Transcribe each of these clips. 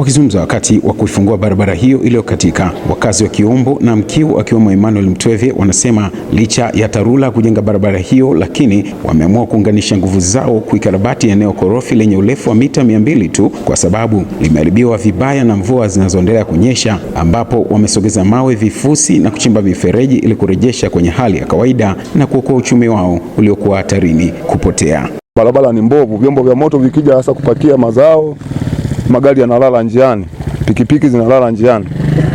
Wakizungumza wakati wa kuifungua barabara hiyo iliyokatika, wakazi wa Kiombo na Mkiu akiwemo Emmanuel Mtweve wanasema licha ya TARURA kujenga barabara hiyo, lakini wameamua kuunganisha nguvu zao kuikarabati eneo korofi lenye urefu wa mita mia mbili tu kwa sababu limeharibiwa vibaya na mvua zinazoendelea kunyesha, ambapo wamesogeza mawe, vifusi na kuchimba mifereji ili kurejesha kwenye hali ya kawaida na kuokoa uchumi wao uliokuwa hatarini kupotea. Barabara ni mbovu, vyombo vya moto vikija hasa kupakia mazao magari yanalala njiani, pikipiki zinalala njiani.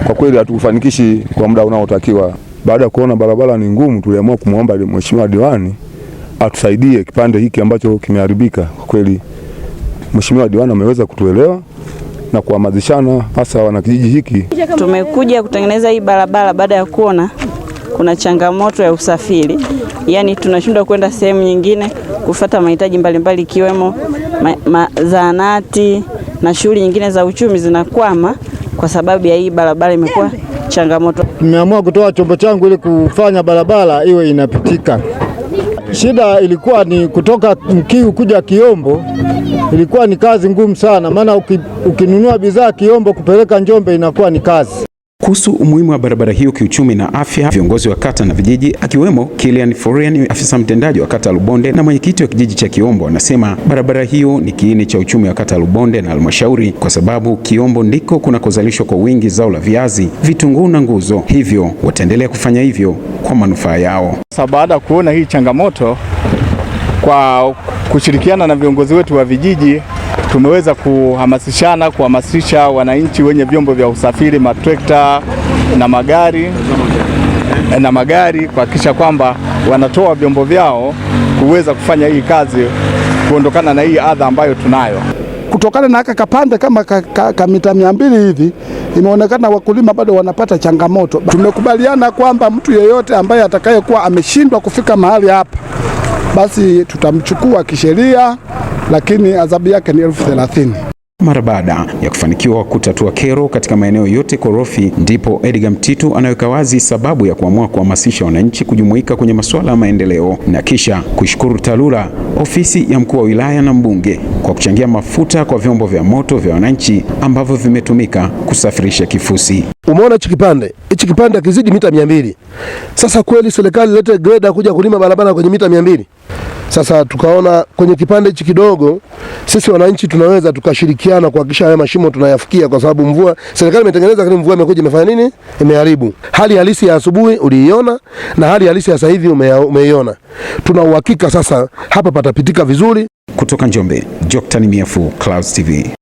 Kwa kweli hatukufanikishi kwa muda unaotakiwa. Baada ya kuona barabara ni ngumu, tuliamua kumwomba mheshimiwa diwani atusaidie kipande hiki ambacho kimeharibika. Kwa kweli mheshimiwa diwani ameweza kutuelewa na kuhamazishana hasa wanakijiji hiki. Tumekuja kutengeneza hii barabara baada ya kuona kuna changamoto ya usafiri, yaani tunashindwa kwenda sehemu nyingine kufata mahitaji mbalimbali ikiwemo ma, ma, zahanati na shughuli nyingine za uchumi zinakwama kwa sababu ya hii barabara imekuwa changamoto. Nimeamua kutoa chombo changu ili kufanya barabara iwe inapitika. Shida ilikuwa ni kutoka Mkiu kuja Kiombo, ilikuwa ni kazi ngumu sana, maana ukinunua bidhaa Kiombo kupeleka Njombe inakuwa ni kazi kuhusu umuhimu wa barabara hiyo kiuchumi na afya. Viongozi wa kata na vijiji akiwemo Kilian Forian, afisa mtendaji wa kata Lubonde na mwenyekiti wa kijiji cha Kiombo, anasema barabara hiyo ni kiini cha uchumi wa kata Lubonde na halmashauri, kwa sababu Kiombo ndiko kunakozalishwa kwa wingi zao la viazi, vitunguu na nguzo, hivyo wataendelea kufanya hivyo kwa manufaa yao. Sasa baada ya kuona hii changamoto, kwa kushirikiana na viongozi wetu wa vijiji tumeweza kuhamasishana kuhamasisha wananchi wenye vyombo vya usafiri matrekta na magari na magari kuhakikisha kwamba wanatoa vyombo vyao kuweza kufanya hii kazi kuondokana na hii adha ambayo tunayo kutokana na haka kapande kama ka, ka, ka mita mia mbili hivi, imeonekana wakulima bado wanapata changamoto. Tumekubaliana kwamba mtu yeyote ambaye atakayekuwa ameshindwa kufika mahali hapa, basi tutamchukua kisheria, lakini adhabu yake ni elfu thelathini. Mara baada ya kufanikiwa kutatua kero katika maeneo yote korofi, ndipo Edgar Mtitu anaweka wazi sababu ya kuamua kuhamasisha wananchi kujumuika kwenye masuala ya maendeleo na kisha kushukuru TARURA, ofisi ya mkuu wa wilaya na mbunge kwa kuchangia mafuta kwa vyombo vya moto vya wananchi ambavyo vimetumika kusafirisha kifusi. Umeona hichi kipande, hichi kipande akizidi mita mia mbili. Sasa kweli serikali lete greda kuja kulima barabara kwenye mita mia mbili? Sasa tukaona kwenye kipande hichi kidogo, sisi wananchi tunaweza tukashirikiana kuhakikisha haya mashimo tunayafikia, kwa sababu mvua serikali imetengeneza, lakini mvua imekuja imefanya nini? Imeharibu. Hali halisi ya asubuhi uliiona na hali halisi ya sasa hivi umeiona. Tuna uhakika sasa hapa patapitika vizuri. Kutoka Njombe, Joctan Myefu, Clouds TV.